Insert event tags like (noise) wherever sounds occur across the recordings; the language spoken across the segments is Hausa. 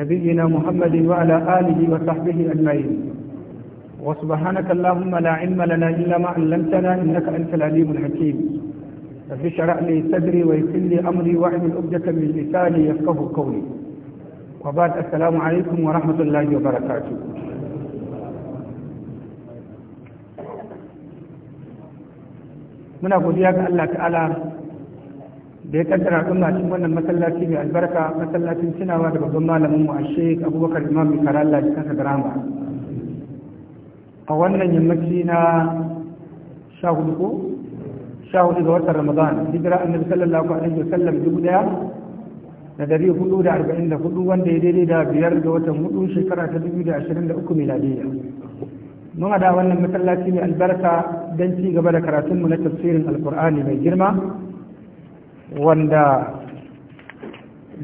نبينا محمد وعلى آله وصحبه أجمعين وسبحانك اللهم لا علم لنا إلا ما علمتنا إنك أنت العليم الحكيم رب اشرح لي صدري ويسر لي أمري واحلل عقدة من لساني يفقه قولي وبعد السلام عليكم ورحمة الله وبركاته muna godiya ga Allah ta'ala da ya kaddara al'umma cikin wannan masallaci mai albarka masallacin tunawa da babban malamin mu a sheik abubakar imam mai kara Allah cikin sadarama a wannan yammaci na sha hudu ko sha hudu ga watan ramadan hijira annabi sallallahu alaihi wa sallam dubu daya da dari hudu da arba'in da hudu wanda ya daidai da biyar ga watan hudu shekara ta dubu da ashirin da uku miladiyya mun da wannan masallaci mai albarka don ci gaba da karatunmu na tafsirin alkur'ani mai girma wanda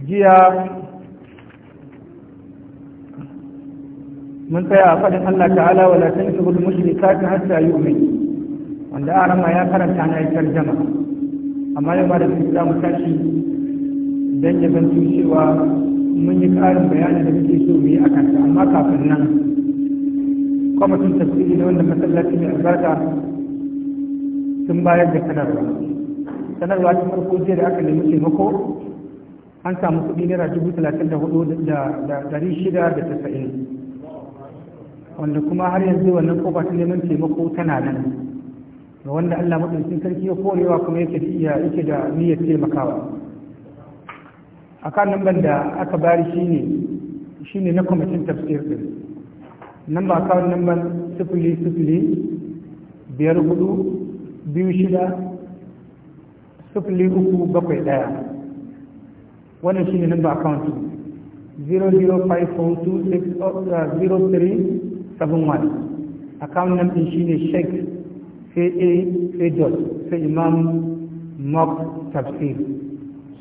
jiya mun tsaya a faɗin Allah ta'ala wa latin shugul mushrikati hatta yu'min wanda rama ya karanta na aikar jama amma yau ba da su za mu tashi don ya zanto cewa mun yi ƙarin bayanin da muke so mu yi a kanta amma kafin nan kwamitin tafsiri da wanda masallaci mai albarka sun bayar da sanarwa sanarwa ta farko jiya da aka nemi taimako an samu kuɗi naira dubu talatin da hudu da dari shida da tasa'in wanda kuma har yanzu wannan kofa ta neman taimako tana nan ga wanda allah maɗaukin sarki ya korewa kuma yake iya yake da niyyar taimakawa a kan namban da aka bari shine shine na kwamitin tafsir ɗin nan ba kawai namban sifili sifili biyar hudu biyu shida sufuli uku bakwai ɗaya wannan shi ne number account 00542600371 uh, account nan ɗin shi ne sheik sai a sai dot sai imam mok tafsir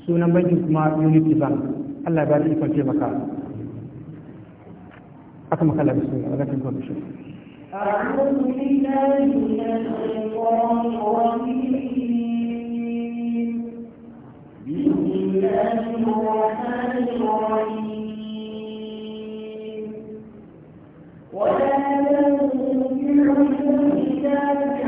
sunan banki kuma unity bank allah ba da ikon maka. aka makala da suna zakin kwamishin أعوذ بالله من الشيطان الرجيم بسم الله الرحمن الرحيم ولا تنكحوا الكتاب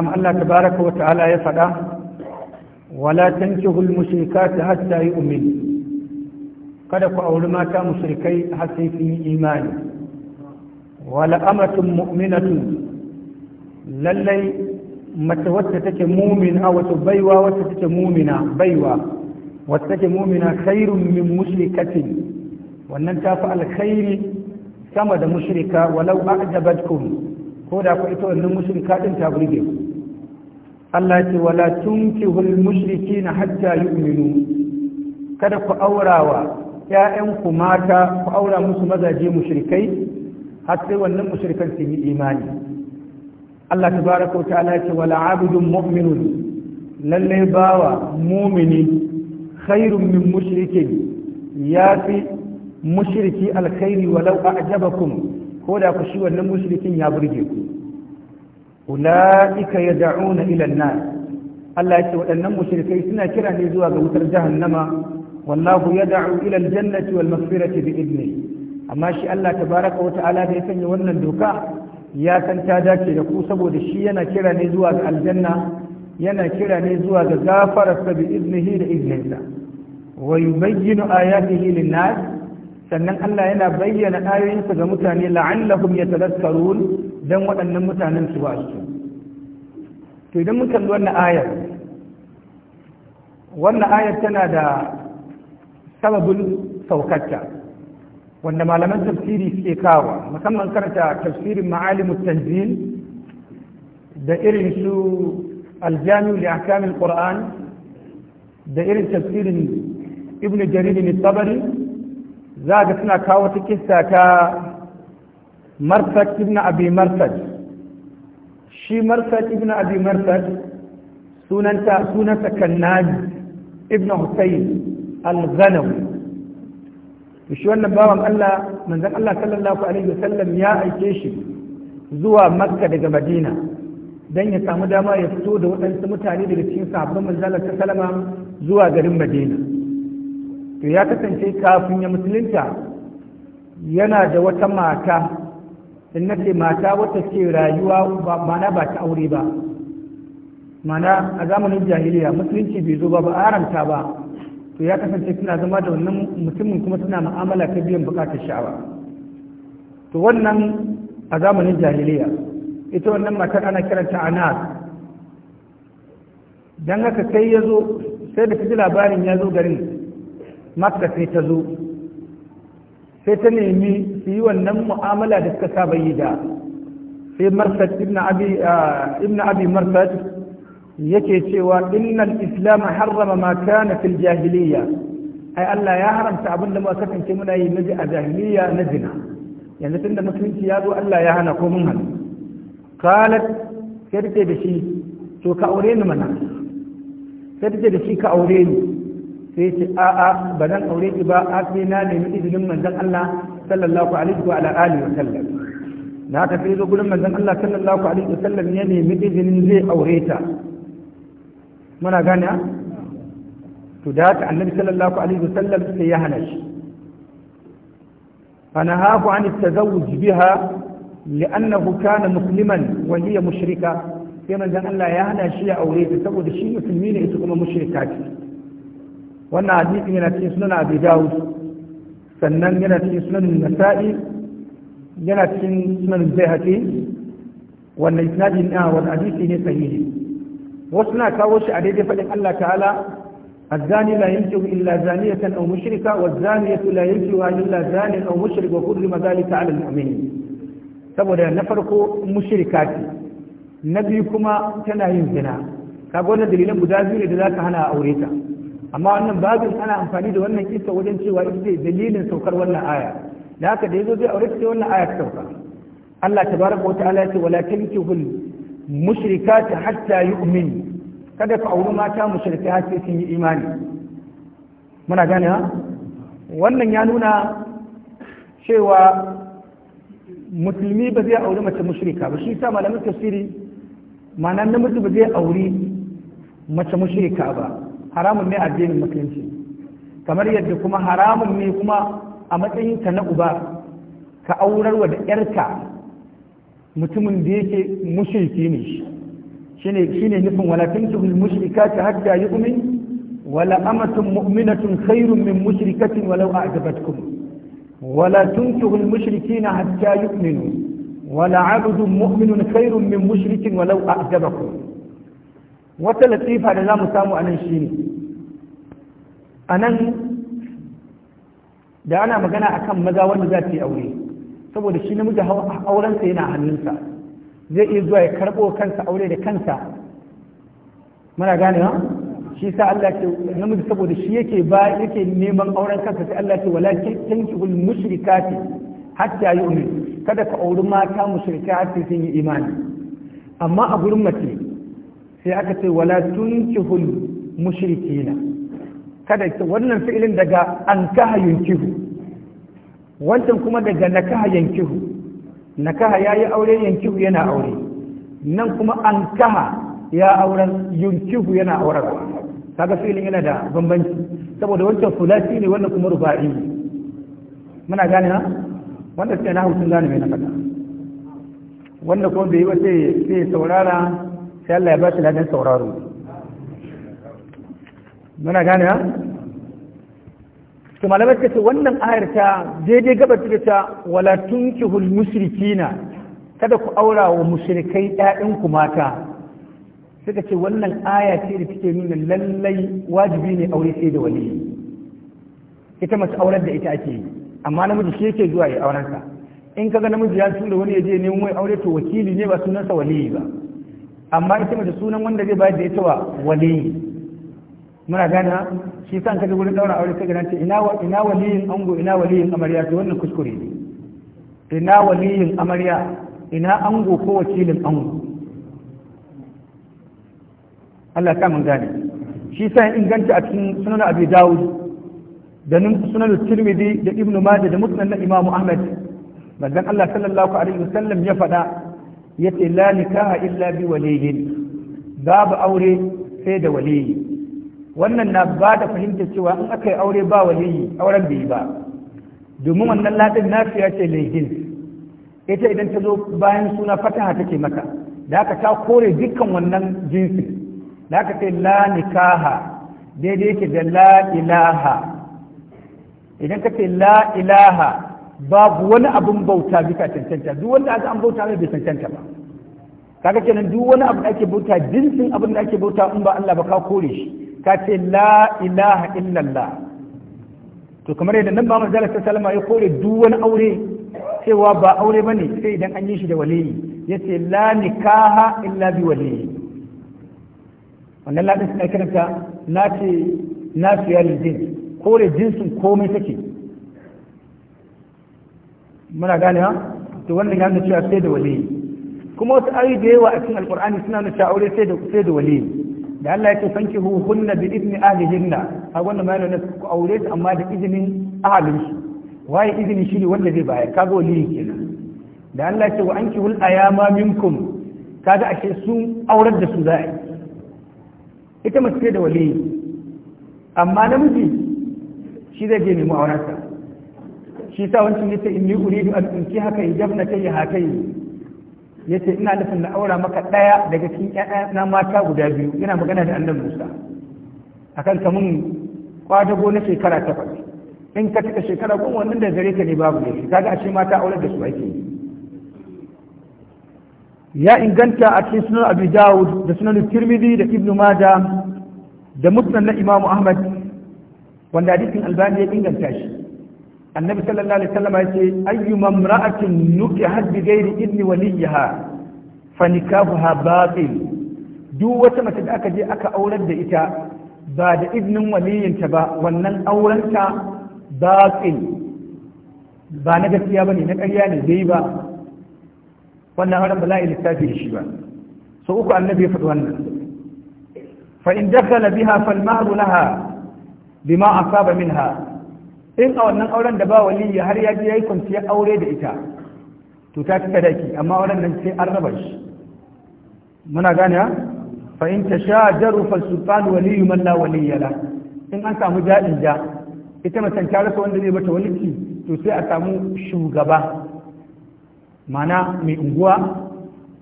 nam Allah baraka wa ta'ala ya faɗa wala tankihul mushrikati hatta yu'min kada ku auri mata mushrikai har sai sun yi imani wala amatun mu'minatun lallai mace wacce take mumina wacce baiwa wacce take mumina baiwa wacce take mumina khairun min mushrikatin wannan ta fi alkhairi sama da ko da wannan ta burge Allah ce wala tunkihul mushrikina hatta yu'minu kada ku aurawa ƴaƴan ku mata ku aura musu mazaje mushrikai har sai wannan mushrikan su yi imani Allah tabaraka ta'ala ce wala abidun mu'minun lalle bawa mu'mini khairun min mushrikin yafi mushriki alkhairi walau a'jabakum ko da ku shi wannan mushrikin ya burge ku ula'ika ya da'una ilan nan Allah ya ce waɗannan mushrikai suna kira ne zuwa ga wutar jahannama wallahu ya da'u ilal jannati wal maghfirati bi idni amma shi Allah tabaraka wa ta'ala da ya sanya wannan doka ya san ta dace da ku saboda shi yana kira ne zuwa ga aljanna yana kira ne zuwa ga gafararsa bi iznihi da izninsa wa yubayyinu ayatihi lin-nas sannan Allah yana bayyana ayoyinsa ga mutane la'allahum yatadhakkarun don waɗannan mutanen su ba su to idan muka kalli wannan ayar wannan ayar tana da sababin saukarta wanda malaman tafsiri suke kawo musamman karanta tafsirin ma'alimu tanzil da irin su aljami da akamin da irin tafsirin ibn jarir ne tabari za ga suna kawo ta kissa ta marsad ibn abi marsad shi marsad ibn abi marsad sunanta sunanta kannani ibn husayn al-ghanawi shi wannan bawan Allah manzon Allah sallallahu alaihi wasallam ya aike shi zuwa makka daga madina don ya samu dama ya fito da waɗansu mutane daga cikin sabbin manzalar ta salama zuwa garin madina to ya kasance kafin ya musulunta yana da wata mata in na ce mata wata ce rayuwa ba mana ba ta aure ba mana a zamanin jahiliya musulunci bai zo ba ba aranta ba to ya kasance suna zama da wannan mutumin kuma suna ma'amala ta biyan bukatar sha'awa to wannan a zamanin jahiliya ita wannan matar ana kiranta nas dan haka sai ya zo sai da ji labarin ya zo garin makka sai ta zo sai ta nemi su yi wannan mu'amala da suka saba yi da sai marsad ibn abi ah, ibn abi marsad yake cewa innal islam harrama ma kana fil jahiliya ai Allah ya haramta abin da muka kasance muna yi miji a jahiliya na zina yanzu tunda musulunci ya zo Allah ya hana ko mun hana qalat sai da shi to ka aure ni mana sai da shi ka aure ni sai ce a'a ba zan aure ki ba a sai na nemi izinin manzon Allah sallallahu alaihi wa ala alihi wa sallam na ka sai zo gurin manzon Allah sallallahu alaihi wa sallam ya nemi izinin zai aure ta muna gane a? to da haka annabi sallallahu alaihi wa sallam sai ya hana shi فنهاه عن biha, بها لأنه كان مسلما وهي مشركة sai manzan Allah ya hana shi ya aure ta saboda shi musulmi ne ita kuma mushrika ce wannan hadisin yana cikin sunan abi dawud sannan yana cikin sunan nasa'i yana cikin sunan bayhaqi wannan isnadi na wannan hadisi ne sahihi wasu na kawo shi a daidai faɗin Allah ta'ala الزاني لا ينكح إلا زانية أو مشركة والزانية لا ينكحها إلا زان أو مشرك وحرم ذلك على المؤمنين saboda na farko mushrika ce na biyu kuma tana yin zina kaga wannan dalilan guda biyu ne da zaka hana aure ta amma wannan babin ana amfani da wannan kisa wajen cewa ita ce dalilin saukar wannan aya da haka da yazo zai aure ta wannan aya ta sauka Allah tabaraka wa ta'ala ya ce wala tankihul mushrikati hatta yu'min kada ku auri mata mushrika har sai sun yi imani muna gane ha wannan ya nuna cewa musulmi ba zai auri mace mushrika ba shi sa malamin tafsiri ma'ana namiji ba zai auri mace mushrika ba haramun ne addinin musulunci kamar yadda kuma haramun ne kuma a matsayinka na uba ka aurarwa da yarka mutumin da yake mushriki ne shine shine nufin wala tunkihul mushrikati hatta yu'min wala amatun mu'minatun khairun min mushrikatin walau a'jabatkum wala tunkihul mushrikina hatta yu'minu wala 'abdun mu'minun khairun min mushrikin walau a'jabakum wata latifa da za mu samu a nan shi ne a nan da ana magana a kan maza wanda za ta yi aure saboda shi namiji aurensa yana hannunsa zai iya zuwa ya karɓo kansa aure da kansa muna gane ha shi sa Allah ce namiji saboda shi yake ba yake neman auren kansa sai Allah ce walakin tankihul mushrikati hatta yu'min kada ka auri mata mushrikati sun yi imani amma a gurin mace sai aka ce wala tunkihul mushrikina kada wannan fi'ilin daga an kaha yunkihu wancan kuma daga nakaha yankihu nakaha yayi aure yankihu yana aure nan kuma an kaha ya auren yunkihu yana auren kaga fi'ilin yana da bambanci saboda wancan fulasi ne wannan kuma ruba'i muna gane ha wanda sai na hutun gane mai na faɗa wanda kuma bai yi ba sai saurara sai Allah ya ba shi ladan sauraro muna gane ha to malamai suka ce wannan ayar ta daidai gabar take ta wala tunkihul musrikina kada ku aura wa musrikai ƴaƴan ku mata suka ce wannan aya ce da take nuna lallai wajibi ne aure sai da waliyi ita mace aurar da ita ake yi amma namiji shi yake zuwa ya aurensa in kaga namiji ya tura wani ya je neman wai aure to wakili ne ba sunansa waliyi ba amma ita mace sunan wanda zai bayar da ita wa wali muna gana shi sa an kaji wurin daura aure sai ga ce ina ina waliyin ango ina waliyin amarya to wannan kuskure ne ina waliyin amarya ina ango ko wakilin ango Allah ka mun gane shi sa inganta a cikin sunan Abi Dawud da sunan Tirmidhi da Ibn Majah da Musnad na Imam Ahmad manzon Allah sallallahu alaihi wasallam ya faɗa yace la nikaha illa bi waliyin babu aure sai da waliyi wannan na ba da fahimta cewa in aka yi aure ba waliyi auren bai ba domin wannan ladin nafiya ce lehin ita idan ta zo bayan suna fataha take maka da aka ta kore dukkan wannan jinsi da aka ce la nikaha daidai yake da la ilaha idan ka ce la ilaha babu wani abin bauta bisa cancanta duk wanda aka an bauta bai cancanta ba kaga kenan duk wani abu da ake bauta jinsin abin da ake bauta in ba Allah ba ka kore shi ka ce la ilaha illallah to kamar yadda nan ba manzala ta salama ya kore duk wani aure cewa ba aure bane sai idan an yi shi da waliyi yace la nikaha illa bi waliyi wannan ladin suna karanta na ce na din kore jinsin komai take muna gane ha to wanda ya nuna cewa sai da wali kuma wasu ayi da yawa a cikin alqur'ani suna nuna cewa aure sai da sai da wali da Allah yake sanki hu hunna bi idni ahlihinna a wannan ma yana ku aure su amma da izinin ahlin su waye izinin shi ne wanda zai bayar kaga wali kenan da Allah yake wa anki hul ayama minkum kaga ashe sun aurar da su za'a ita mace da wali amma namiji shi zai je nemi aurensa shi ta wancan in inni uridu an unki haka haka yi ya ce ina nufin na aura maka ɗaya daga cikin ƴaƴa na mata guda biyu yana magana da annabi Musa akan kamun kwadago na shekara takwas in ka cika shekara goma wannan da gare ka ne babu ne kaga ce mata aure da su ake ya inganta a cikin sunan abu Dawud da sunan Tirmidhi da ibnu mada da musnad na Imam Ahmad wanda hadisin Albani ya inganta shi annabi sallallahu alaihi wasallam yace ayyu mamra'atin nukihat bi ghairi idni waliha fa nikahuha batil duk wata mace da aka je aka aurar da ita ba da iznin waliyinta ba wannan aurenta batil ba na gaskiya bane na ƙarya ne dai ba wannan haram bala'i littafi da shi ba so uku annabi ya faɗi wannan fa in dakhala biha fal ma'ru laha bima asaba minha in a wannan auren da ba waliyya har ya je ya yi kwanciyar aure da ita to ta fi sadaki amma auren nan sai an raba shi muna gane ha fa in tashajaru fa sultan waliyyu man la waliyya la in an samu jadin ja ita macen ta rasa wanda zai bata waliki to sai a samu shugaba mana mai unguwa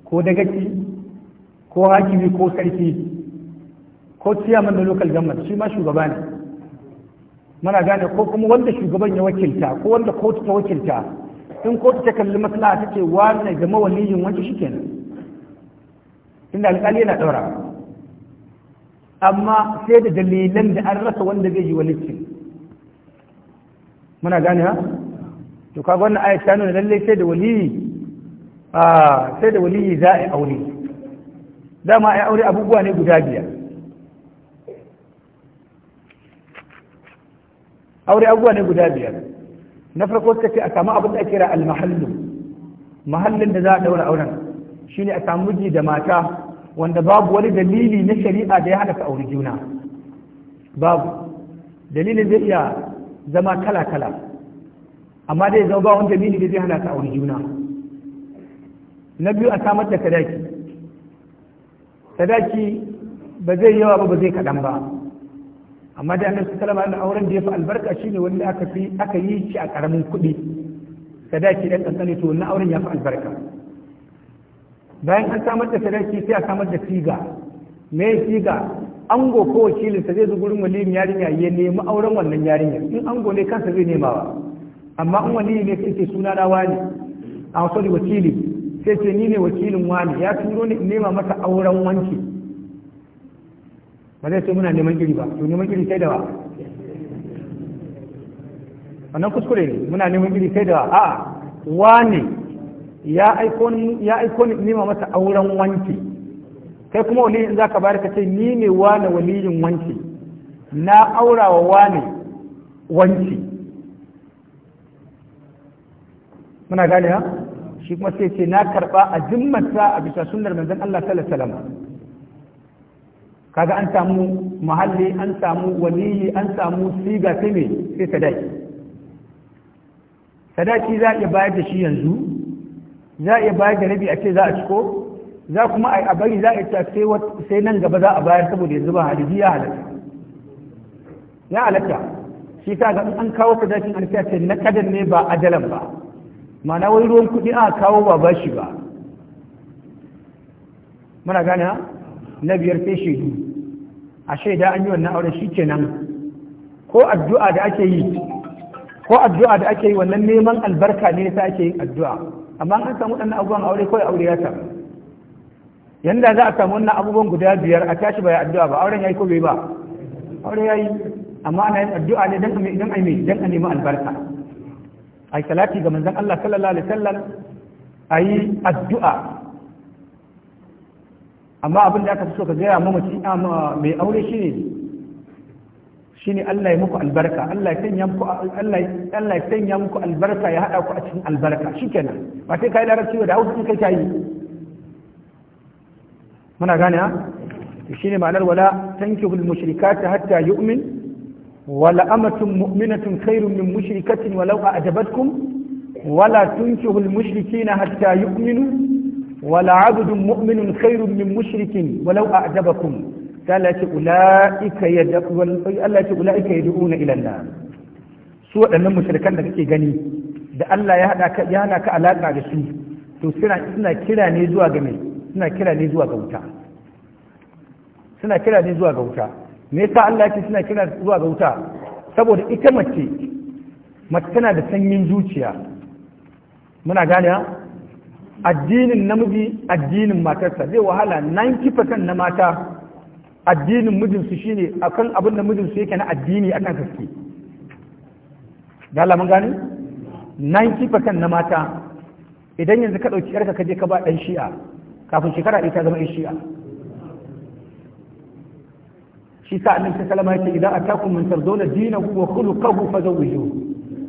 ko dagaci ko hakimi ko sarki ko tiyaman na local government shi ma shugaba ne Mana gane ko kuma wanda shugaban ya wakilta ko wanda kotu ta wakilta in kotu ta kalli maslaha ta ce wane ga mawaliyin shi kenan inda alƙali yana ɗaura amma sai da dalilan da an rasa wanda zai yi walicin muna gane ha to kaga wannan ayat ta nuna lallai sai da waliyi ah, sai da waliyi za a yi aure dama a yi aure abubuwa ne guda biyar aure abubuwa ne guda biyar na farko suka ce a samu abin da ake kira almahallu mahallin da za a daura auren shine a samu miji da mata wanda babu wani dalili na shari'a da ya hada ka auri juna babu dalilin zai iya zama kala kala amma dai zama ba wani dalili da zai hana ka auri juna na biyu a samar da sadaki sadaki ba zai yawa ba ba zai kaɗan ba amma da annabi sallallahu alaihi auren da ya fi albarka shine wanda aka fi aka yi shi a karamin kuɗi sadaki dan kankane to wannan auren ya albarka bayan an samar da sadaki sai a samar da siga me siga ango ko wakilin wakilinsa zai zo gurin waliyin yarinya ya nemi auren wannan yarinya in ango ne kansa zai nema ba amma in waliyi ne sai ce suna na wani a ah, wasu wakili sai ce ni ne wakilin wani ya turo ni in nema masa auren wanki ba zai sai muna neman iri ba to neman iri sai da wa wannan kuskure ne muna neman iri sai da wa a wani ya aiko ya aiko ni nima masa auren wanki kai kuma waliyin za ka bayar ka ce ni ne wani waliyin wanki na aura wa wani wanki muna gane ha shi kuma sai ce na karba a jimmata a bisa sunnar manzon Allah sallallahu alaihi wasallam kaga an samu muhalli an samu waliyi an samu siga sai me sai sadaki sadaki za a iya bayar da shi yanzu za a iya bayar da rabi a ce za a ciko za kuma a bari za a ta sai nan gaba za a bayar saboda yanzu ba hadisi ya halatta ya halatta shi ta ga an kawo sadakin an ce na kadan ne ba ajalan ba ma'ana wai ruwan kuɗi a kawo ba bashi ba muna gane na biyar sai shaidu a shaida an yi wannan aure nan ko addu'a da ake yi ko addu'a da ake yi wannan neman albarka ne ta ake yin addu'a amma an samu ɗan abubuwan aure ko aure ya samu yanda za a samu wannan abubuwan guda biyar a tashi bai addu'a ba auren yi ko bai ba aure yi amma ana yin addu'a ne dan idan ai mai a nemi albarka ai salati ga manzon Allah sallallahu alaihi wasallam yi addu'a amma abin da aka fi so ka gaya mamaci ah, mai aure shine ne Allah ya muku albarka Allah ya sanya muku Allah ya sanya muku albarka ya hada ku a cikin albarka shikenan ba sai kai larabci da hausa kai kai muna gane shi ne ma'anar wala tankihul mushrikata hatta yu'min wala amatun mu'minatun khairun min mushrikatin walau a'jabatkum wala tunkihul mushrikina hatta yu'minu wala abdun mu'minun khairun min mushrikin walau a'jabakum Allah ce ula'ika yad'una ila an-nar su waɗannan mushrikan da kake gani da Allah ya hada ka ya hana ka alaka da su to suna suna kira ne zuwa ga suna kira ne zuwa ga wuta suna kira ne zuwa ga wuta me yasa Allah yake suna kira zuwa ga wuta saboda ita mace mace tana da sanyin zuciya muna gane addinin namiji addinin matarsa zai wahala 90% na mata addinin mijinsu shine akan abin da mijinsu yake na addini akan gaske da Allah mun gani 90% na mata idan yanzu ka ɗauki yarka ka je ka ba ɗan shi'a kafin shekara ɗaya ta zama ɗan shi'a shi sa annabi sallama yake idan atakum min tardawna dinahu wa khuluquhu fazawwijuhu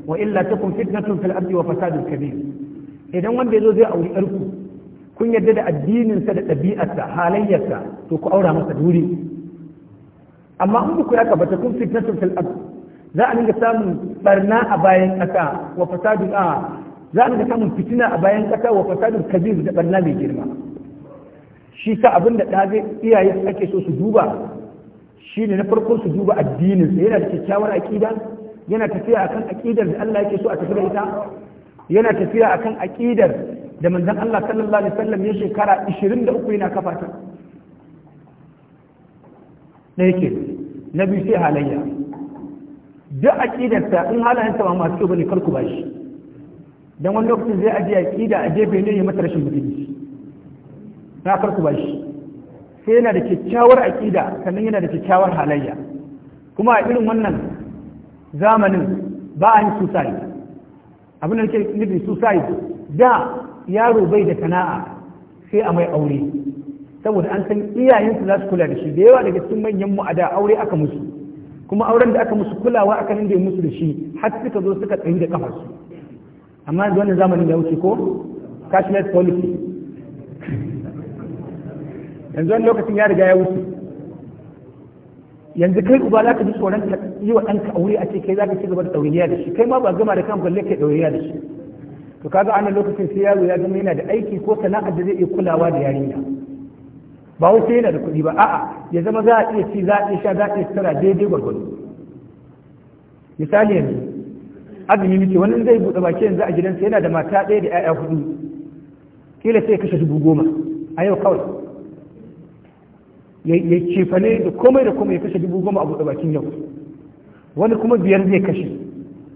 wa illa takun fitnatun fil ardi wa fasadun kabir idan wanda ya zo zai auri ƴarku kun yarda da addininsa da ɗabi'arsa halayyarsa to ku aura masa duri amma in ku ya bata kun fitnatun fil ard za a dinga samun barna a bayan ƙasa wa fasadun a za a dinga samun fitina a bayan ƙasa wa fasadun kabir da barna mai girma shi sa abin da ɗa zai iyaye ake so su duba shi ne na farko su duba addininsa yana da kyakkyawar aƙida yana tafiya akan aƙidar da Allah yake so a tafi da ita yana tafiya akan aqidar da manzon Allah sallallahu alaihi wasallam ya shekara 23 yana kafa ta da yake na biyu sai halayya duk aqidar ta in halayen ta ba ma su bane kar ku bashi dan wani lokacin zai aje aqida a gefe ne ya mata rashin mutunci na kar ku bashi sai yana da kyakkyawar aqida sannan yana da kyakkyawar halayya kuma a irin wannan zamanin ba a yin suicide abin da ke nufin suicide da yaro bai da sana'a sai a mai aure saboda an san iyayensu za su kula da shi da yawa daga cikin manyan mu a da aure aka musu kuma auren da aka musu kulawa aka nan da musu da shi har suka zo suka tsayi da su amma da wannan zamanin ya wuce ko cashless policy yanzu wani lokacin ya riga ya wuce yanzu kai uba za ka ji tsoron ka yi wa ɗanka aure a ce kai za ka ci gaba da ɗauriya da shi kai ma ba gama da kan balle kai ɗauriya da shi to kaga ana lokacin sai yaro ya zama yana da aiki ko sana'ar da zai iya kulawa da yarinya ba wai sai yana da kuɗi ba a'a ya zama za a iya ci za a iya sha za a iya tsara daidai gwargwado misali yanzu azumi muke wannan zai buɗe baki yanzu a gidansa yana da mata ɗaya da 'ya'ya hudu kila sai ya kashe dubu goma a yau kawai ya cefane da komai da komai ya kashe dubu goma a buɗe bakin yau wani kuma biyar zai kashe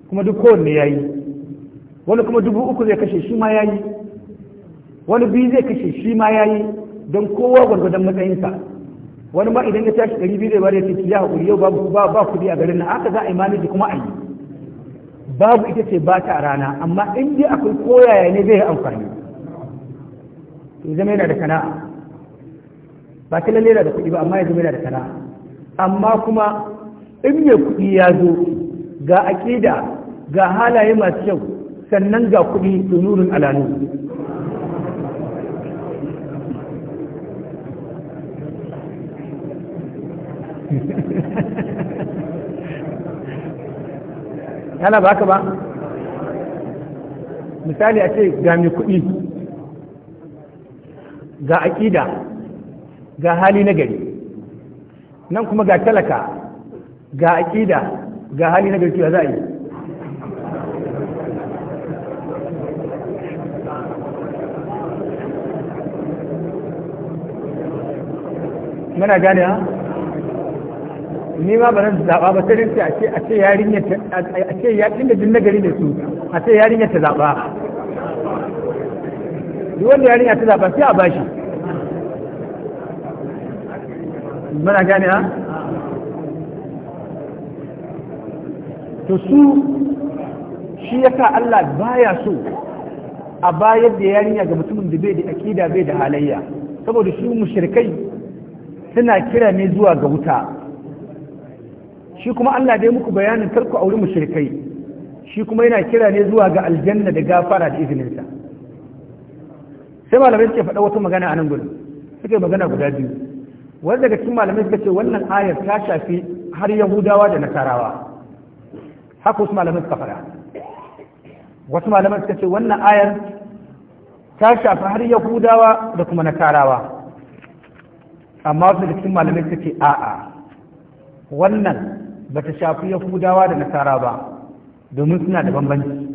kuma duk kowanne ya yi wani kuma dubu uku zai kashe shi ma ya yi wani biyu zai kashe shi ma ya yi don kowa gwargwadon matsayinsa wani ma idan ya tashi ɗari biyu zai bari ya ce ya haƙuri yau ba kuɗi a garin nan haka za a yi manaji kuma a yi babu ita ce ba ta rana amma in dai akwai koyaya ne zai yi amfani to zama yana da sana'a. ba ta lalle da kuɗi ba amma ya zama yana da sana'a amma kuma in mai kuɗi ya zo ga aƙida ga halaye masu kyau sannan ga kuɗi nurin alanu yana (laughs) ba ka ba misali a ce ga mai kuɗi ga aƙida ga hali na gari nan kuma ga talaka ga aƙida ga hali na gari za a yi mana gane ha ni ma ba nan zaɓa ba sai dai a ce a ce a ce ya nagari ne su a ce yarinya ta zaɓa duk wanda yarinya ta zaɓa sai a bashi muna gane ha to su shi ya yasa Allah baya so a bayar da yarinya ga mutumin da bai da akida bai da halayya saboda su mushrikai suna kira ne zuwa ga wuta shi kuma Allah dai muku bayanin karku auri mushrikai shi kuma yana kira ne zuwa ga aljanna da gafara da izininsa sai malamai suke faɗa wata magana a nan gudun suke magana guda biyu wanda daga cikin malamai suka ce wannan ayar ta shafi har yahudawa da nasarawa haka wasu malamai suka fara wasu malamai suka ce wannan ayar ta shafi har yahudawa da kuma nasarawa amma wasu daga cikin malamai suka ce a'a wannan ba ta shafi yahudawa da nasara ba domin suna da bambanci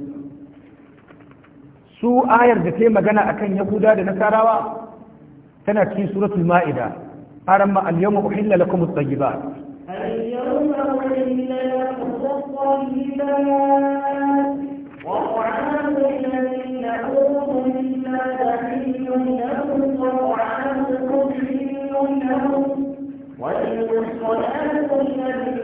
su ayar da ta yi magana akan yahuda da nasarawa tana cikin suratul ma'ida أرم اليوم أحل لكم الطيبات اليوم أحل لكم الطيبات وطعام الذين أوتوا لهم لهم الذين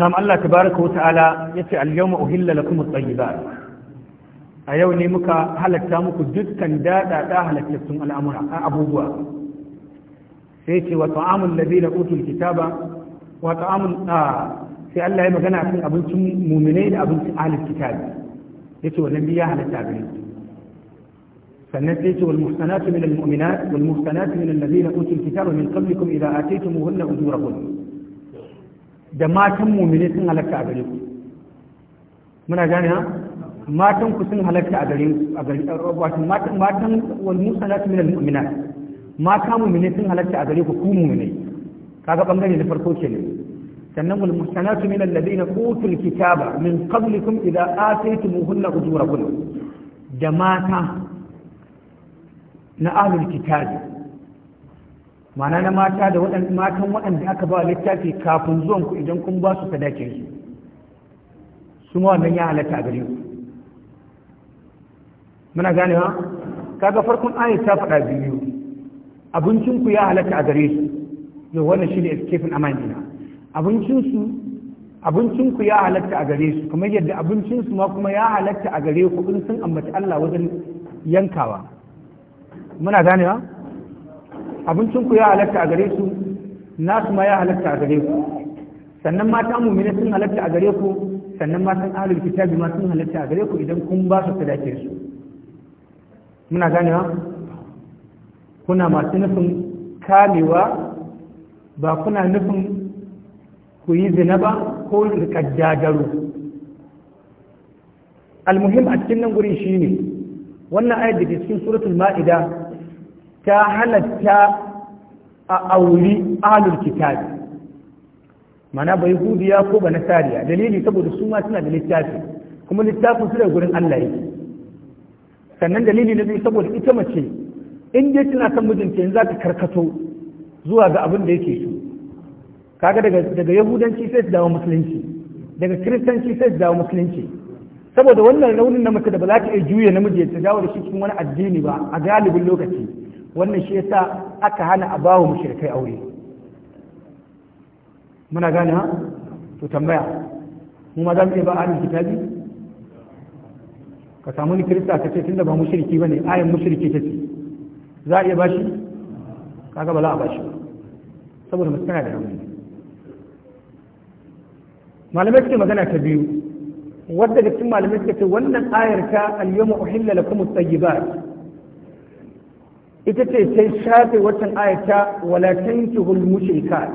nam Allah tabaraka wata'ala yace al-yawma uhilla lakum at a yau ne muka halatta muku dukkan dadada halattattun al'amura abubuwa sai ce wa ta'amul ladina utul kitaba wa ta'amul sai Allah ya magana kan abincin muminai da abincin ahlul kitabi yace wannan biya halatta gare su sannan sai ce wal muhsanatu minal mu'minat wal muhsanatu minal ladina kitaba da matan mumini sun halatta a gare ku muna gane ha matan ku sun halatta a gare a gare wato matan matan wal musanat min al mu'minat mata mumini sun halatta a gare ku ku mumini kaga bangare na farko kenan sannan wal musanat min alladhina utul kitaba min qablikum idza ataytumuhunna ujurahunna da mata na ahlul kitabi ma'ana na mata da matan waɗanda aka ba littafi kafin zuwan ku idan kun ba su dace su su ma wannan ya halatta a gare ku muna ganewa kaga farkon ayi ta faɗa biyu abincin ku ya halatta a gare su yau wannan shi ne escaping amandina abincin su abincin ku ya halatta a gare su kamar yadda abincin su ma kuma ya halatta a gare ku in sun ambaci Allah wajen yankawa muna ganewa abincinku ya halatta a gare su nasu ma ya halatta a gare ku sannan mata mumine sun halatta a gare ku sannan matan ahlul kitabi ma sun halatta a gare ku idan kun ba su sadake su muna ganewa kuna masu nufin kamewa ba kuna nufin ku yi zina ba ko al almuhim a cikin nan gurin shine wannan ayat da ke cikin suratul ma'ida ta halatta a auri ahlul kitabi mana bai hudiya ko ba nasariya dalili saboda su ma suna da littafi kuma littafin su da gurin Allah yake sannan dalili na biyu saboda ita mace in dai tana son mijinta yanzu za ta karkato zuwa ga abin da yake so kaga daga daga yahudanci sai su dawo musulunci daga kiristanci sai su dawo musulunci saboda wannan raunin na mace da ba za ta iya juya namiji ta dawo da shi cikin wani addini ba a galibin lokaci wannan shi yasa aka hana a bawo mushrikai aure muna gane ha to tambaya mu ma za mu iya ba ahlul kitabi ka samu ni kirista ka ce tunda ba mushriki bane ayin mushriki ce za a iya bashi kaga ba za a bashi saboda mutum da rauni malamai suke magana ta biyu wadda da cikin malamai suka ce wannan ayar ta al-yawma uhilla lakum at-tayyibat ita ce sai shafe watan ayata wala tankihul mushrika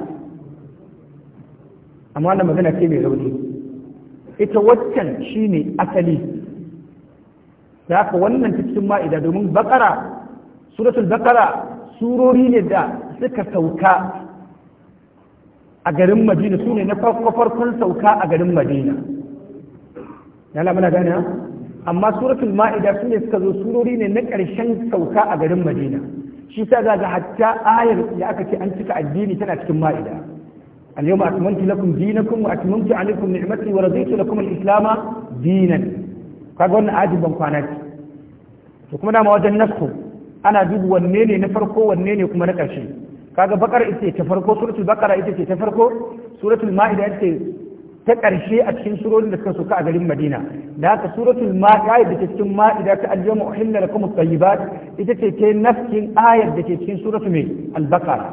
amma wannan magana ce mai rauni ita waccan shine asali da haka wannan ta cikin ma'ida domin bakara suratul bakara surori ne da suka sauka a garin madina su na farko farkon sauka a garin madina yana mana gane amma suratul ma'ida su ne suka zo surori ne na ƙarshen sauka a garin madina shi ta zaga hatta ayar da aka ce an cika addini tana cikin ma'ida al-yawma akmaltu lakum dinakum wa atmamtu alaykum ni'mati wa raditu lakum al-islama dinan kaga wannan ajin ban kwana ce to kuma dama wajen nasku ana dubu wanne ne na farko wanne ne kuma na kaga bakar ita ce ta farko bakara ita ce ta farko ma'ida ta ƙarshe a cikin surorin da suka soka a garin Madina da haka suratul ma'ida da ke cikin ma'ida ta al-yawma uhilla lakum at-tayyibat ita ce ke nafkin ayar da ke cikin suratul mai al-baqara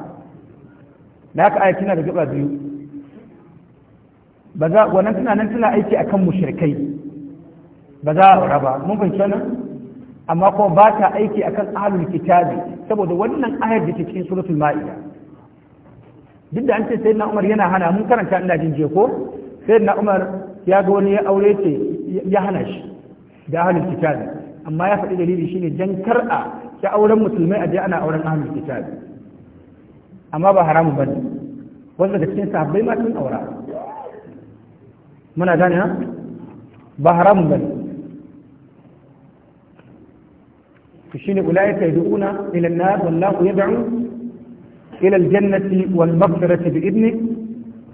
da haka ayar tana da gaba biyu ba za wannan tana nan tana aiki akan mushrikai ba za a raba mun fahimci wannan amma kuma ba ta aiki akan ahlul kitabi saboda wannan ayar da ke cikin suratul ma'ida duk da an ce sayyidina Umar yana hana mun karanta ina jin je ko sai na umar ya ga wani ya aure ce ya hana shi da ahalin kitabi amma ya faɗi dalili shine jan kar'a ya auren musulmai a je ana auren ahalin kitabi amma ba haramun bane wanda da cikin sahabbai ma sun aura muna gane ba haramun bane to shine ulaika yad'una ila an-nar wallahu yad'u ila al-jannati wal maghfirati bi idnihi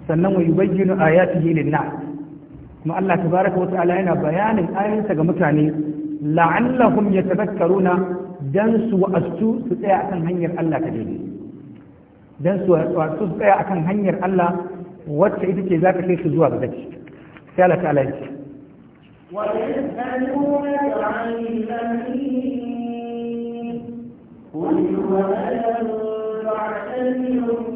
sannan wa yubayyinu ayatihi lin-nas kuma Allah tabaaraka wa ta'ala yana bayanin ayoyinsa ga mutane la'allahum yatafakkaruna dan su wa'astu su tsaya akan hanyar Allah ta dai dan su wa'astu su tsaya akan hanyar Allah wacce ita ce zaka kai su zuwa ga gaci sai Allah ta'ala ya ce ويسألونك al اليمين قل هو ألم بعد اليوم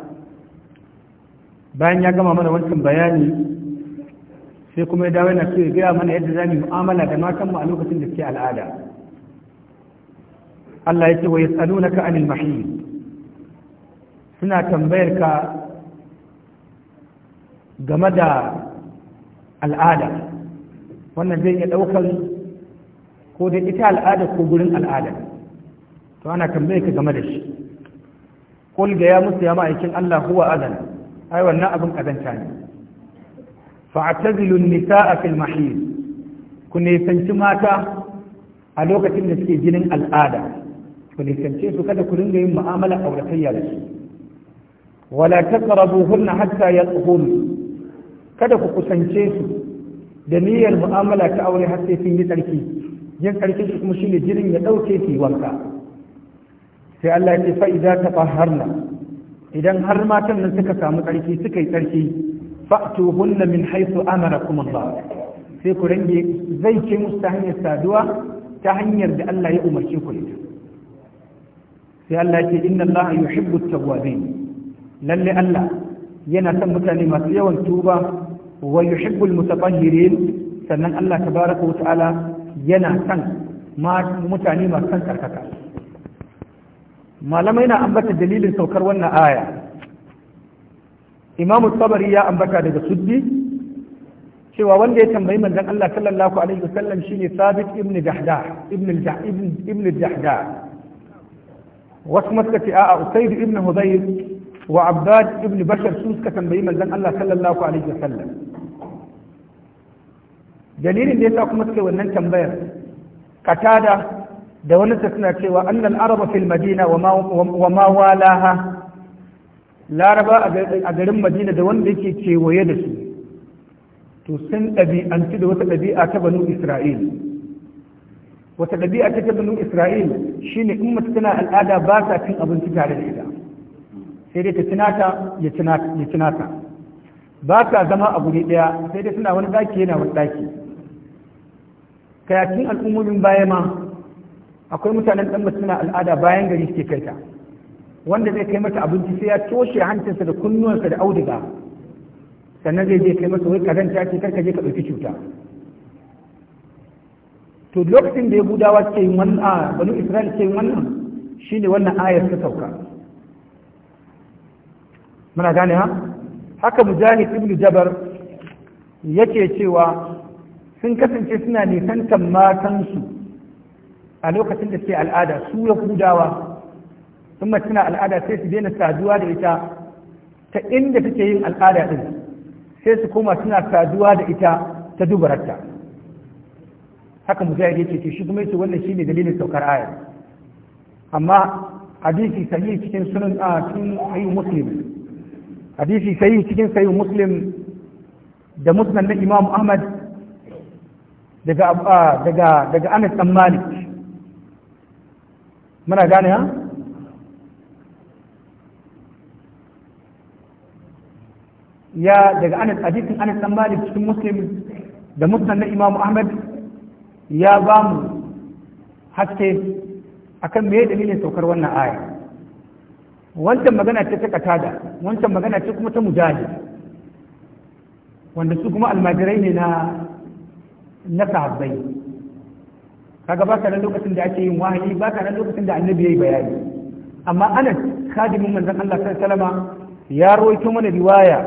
bayan ya gama mana wancan bayani sai kuma ya dawo yana so ya gaya mana yadda za mu mu'amala da matanmu a lokacin da ke al'ada Allah ya ce wa yas'alunaka anil mahiyyi suna tambayar ka game da al'ada wannan zai iya ɗaukar ko da ita al'ada ko gurin al'ada to ana tambayar ka game da shi kul ga ya musu ya ma'aikin Allah huwa adana ai wannan abin kazanta ne fa'tazilu nisaa fil mahid ku nisanci mata a lokacin da suke jinin al'ada ku nisance su kada ku dinga yin mu'amala auratayya da su wala taqrabuhunna hatta yatahhurna kada ku kusance su da niyyar mu'amala ta aure har sai sun yi tsarki yin tsarkin su kuma shine jinin ya dauke su wanka sai Allah ya ce fa idza tafahharna idan har matan nan suka samu tsarki suka yi tsarki fa'tu hunna min haythu amarakum Allah sai ku range zai ce musu ta hanyar saduwa ta hanyar da Allah ya umarce ku ita sai Allah ce inna Allah yuhibbu at-tawwabin lalle Allah yana son mutane masu yawan tuba wa yuhibbu al-mutatahhirin sannan Allah tabaraka wa ta'ala yana son mutane masu san karkata malamai na ambata dalilin saukar wannan aya imamu sabari ya ambata daga suddi cewa wanda ya tambayi manzon Allah sallallahu alaihi wasallam shine sabit ibn dahda ibn ibn dahda wasu kuma suka ce a'a usaid ibn hudayr wa abdad ibn bashar su suka tambayi manzon Allah sallallahu alaihi wasallam dalilin da yasa kuma suke wannan tambayar katada da wani suna cewa annal araba fil madina wa ma walaha laraba a garin madina da wanda yake kewaye da su to sun ɗabi'anci da wata ɗabi'a ta banu isra'il wata ɗabi'a ta ta banu isra'il shine in mace tana al'ada ba sa cin abinci tare da ita sai dai ta tunata ya tunata ba sa zama a guri ɗaya sai dai suna wani ɗaki yana wani ɗaki kayakin al'ummomin baya ma akwai mutanen dan suna al'ada bayan gari suke kai ta wanda zai kai mata abinci sai ya toshe hancinsa da kunnuwansa da auduga sannan zai je kai mata wai kazanta ce kar ka je ka ɗauki cuta to lokacin da ya budawa ke yin wannan a banu isra'il ce yin wannan shine wannan ayar ta sauka muna gane ha haka mujahid ibnu jabar yake cewa sun kasance suna nisantar matansu a lokacin da suke al'ada su ya yahudawa sun mace tana al'ada sai su daina saduwa da ita ta inda take yin al'ada din sai su koma suna saduwa da ita ta dubararta haka mu mujahid yake shi kuma yace wannan shine dalilin saukar aya amma hadisi sahihi cikin sunan a cikin sahih muslim hadisi sahihi cikin sahih muslim da musnad na imam ahmad daga daga daga anas dan malik muna gane ha ya daga anas hadisin anas dan malik cikin muslim da musnad na imamu ahmad ya ba mu haske akan me dalilin saukar wannan aya wancan magana ce ta katada wancan magana ce kuma ta mujahid wanda su kuma almajirai ne na na sahabbai kaga baka nan lokacin da ake yin wahayi baka nan lokacin da annabi yayi bayani amma anas khadimin manzon Allah sallallahu alaihi wasallam ya rawaito mana riwaya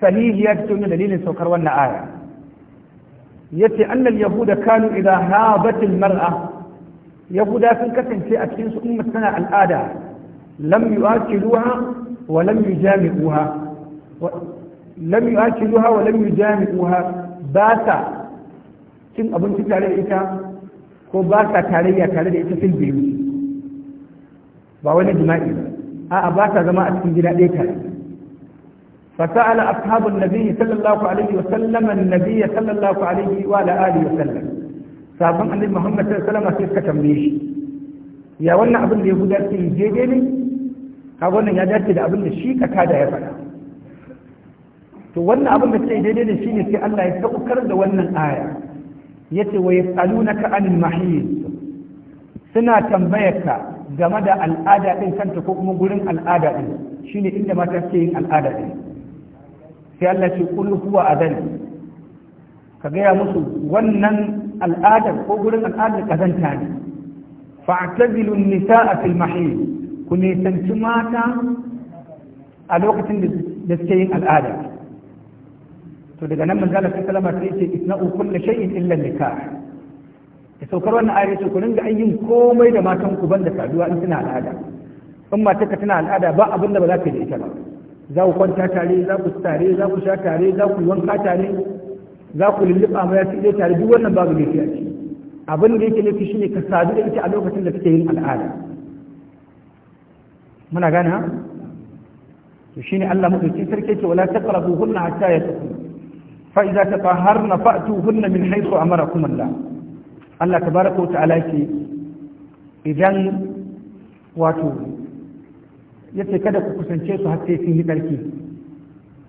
sahihiya ta cikin dalilin saukar wannan aya yace annal yahuda kanu idha habat al mar'a yahuda sun kasance a cikin su umma tana al'ada lam yu'akiluha wa lam yujami'uha lam yu'akiluha wa lam yujami'uha ba ta cin abinci tare da ita ko ba ka tarayya tare da ita fil biyu ba wani jima'i ba. a'a ba ka zama a cikin gida ɗaya tare فسأل أصحاب النبي صلى الله عليه وسلم النبي صلى الله عليه وعلى آله وسلم sabon annabi Muhammad sallallahu alaihi wasallam sai suka tambaye shi ya wannan abin da ya guda sai je je ne ka wannan ya dace da abin da shi ka da ya faɗa to wannan abin da sai daidai ne shine sai Allah ya saukar da wannan aya Ya ce wa yasalunaka anil mahid suna tambayarka game da al'ada ɗin kanta ko kuma gurin al'ada shi ne inda mata ke yin al'ada din sai Allah ce kul huwa adan ka gaya musu wannan al'adar ko gurin al'adar kazanta ne fa'tazilu an-nisaa fil mahid ku nisanci mata a lokacin da suke yin al'ada to daga nan manzo Allah sallama sai ce isna'u kullu shay'in illa nikah ya saukar wannan ayar ce ku an yin komai da matan ku banda saduwa in suna al'ada in ka tana al'ada ba abin da ba za ka yi da ita ba za ku kwanta tare za ku tare za ku sha tare za ku yi wanka tare za ku lulluɓa ma ya ɗaya tare duk wannan babu laifi a ciki abin da yake laifi shine ka sadu da ita a lokacin da kake yin al'ada muna gane ha to shine Allah mutunci sarki ce wala taqrabu hunna hatta yatqu Fa'iza ta na فإذا a mara kumalla. Allah ta الله الله تبارك idan wato ya ce kada ku kusance su har sai sun yi tsarki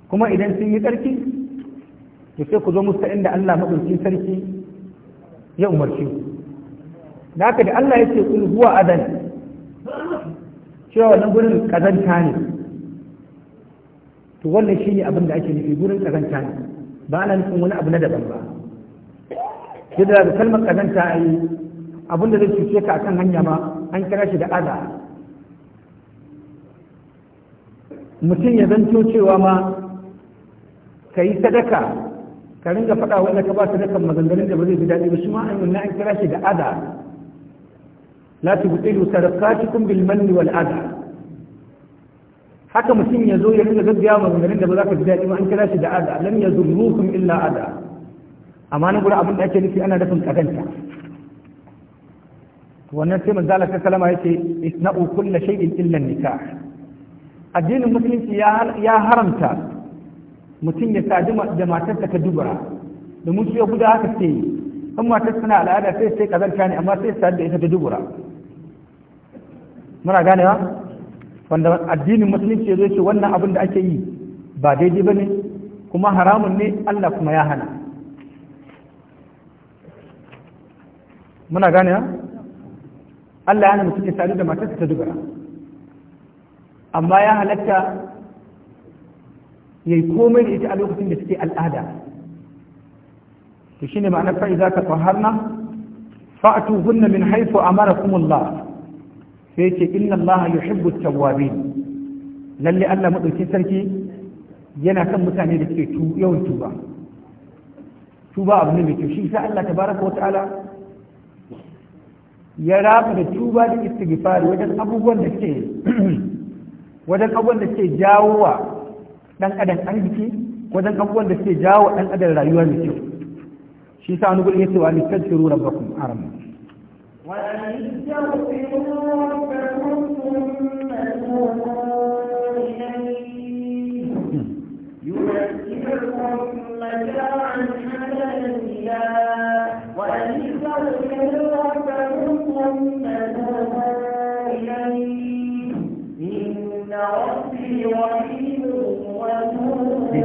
kuma idan sun yi tsarki ya sai ku zo musu inda Allah madaukakin sarki ya umarci ku da haka da Allah ce kun huwa adan cewa wannan gurin ƙazanta ne to wannan shi ne abin da ake nufi gurin ƙazanta ne ba na nufin wani abu na daban ba shi da kalmar kazanta a yi abinda zai cuce ka akan hanya ma an kira shi da aza mutum ya zanto cewa ma ka yi sadaka ka ringa faɗa wanda ka ba sadakan maganganun da ba zai ji daɗi ba shi ma an nuna an kira shi da aza la tubtilu sadaqatukum bil manni wal adha haka mutum ya zo ya rika gaggaya maganganun da ba za ka ji daɗi ba an kira shi da ada lam ya zurrukum illa ada amma nan gurin abin da ake nufi ana dafin kadanta wannan sai manzo Allah sallama yace isna'u kullu shay'in illa nikah addinin musulunci ya haramta mutum ya sadu da matarsa ta dubara domin su guda haka sai in matar suna al'ada sai sai kazanta ne amma sai sadu da ita ta dubara muna ganewa wanda addinin musulunci ya zo ce wannan abin da ake yi ba daidai ba ne kuma haramun ne Allah kuma ya hana muna gane Allah ya hana mutum ya sadu da matarsa ta dubara amma ya halatta ya yi komai da ita a lokacin da suke al'ada to shine ma'anar fa'iza ka tsaharna fa'atu hunna min haifu amarakumullah sai ce inna allaha yuhibbu tawwabin lalle Allah madaukin sarki yana kan mutane da suke yawan tuba tuba abu ne mai kyau shi sa Allah tabaraka wa ta'ala ya raba da tuba da istighfar wajen abubuwan da ke (clears throat) wajen abubuwan da ke jawo wa dan adam arziki wajen abubuwan da ke jawo dan adam rayuwa mai kyau shi sa wani ya ce wa ni tadfiru rabbakum arama wa an tadfiru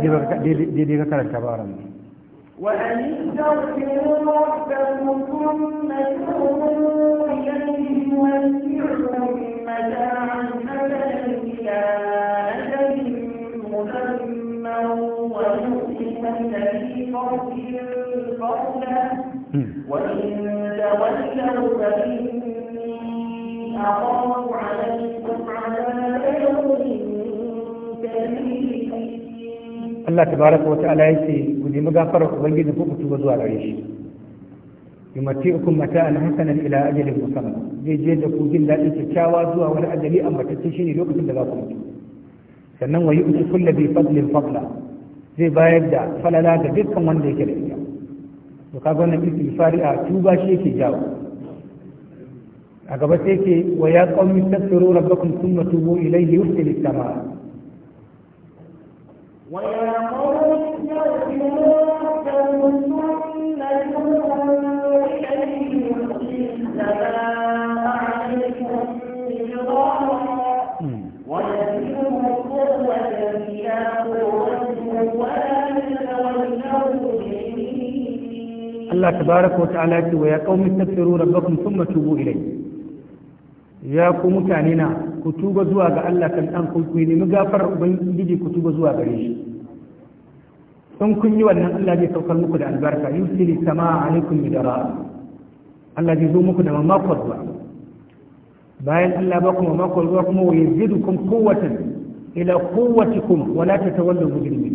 daidai ka karanta ba ran وأن تغفروا ربكم ثم توبوا إليه يمتعكم متاعا حسنا إلى أجل مسمى ويؤتي من ذي فضل وإن تولوا فإني أخاف عليكم عذاب يوم كبير Allah tabaraka wa ta'ala yace ku nemi gafarar ubangiji ko ku tuba zuwa gare shi yumati'ukum mata'an hasanan ila ajalin musamman zai je da ku jin daɗin kyakkyawa zuwa wani ajali amma tacce shine lokacin da za ku mutu sannan wa yu'ti kullu bi fadlin fadla zai bayar da falala ga dukkan wanda yake da ita to kaga wannan istighfari a tuba shi yake jawo a gaba sai ke, wa ya qaumi tastaghfiru rabbakum thumma tubu ilayhi yuhsinu as-samaa Allah tabaraka wa ta'ala ce wa ya qaumi tafiru rabbakum thumma tubu ilayhi ya ku mutane na ku tuba zuwa ga Allah kan dan ku ku nemi gafarar ubangiji ku tuba zuwa gare shi in kun yi wannan Allah zai saukar muku da albarka yusili sama alaikum midara Allah zai zo muku da mamakon ruwa bayan Allah ba kuma mamakon ruwa kuma wa yazidukum quwwatan ila kuma wala ta tatawallu mujrimin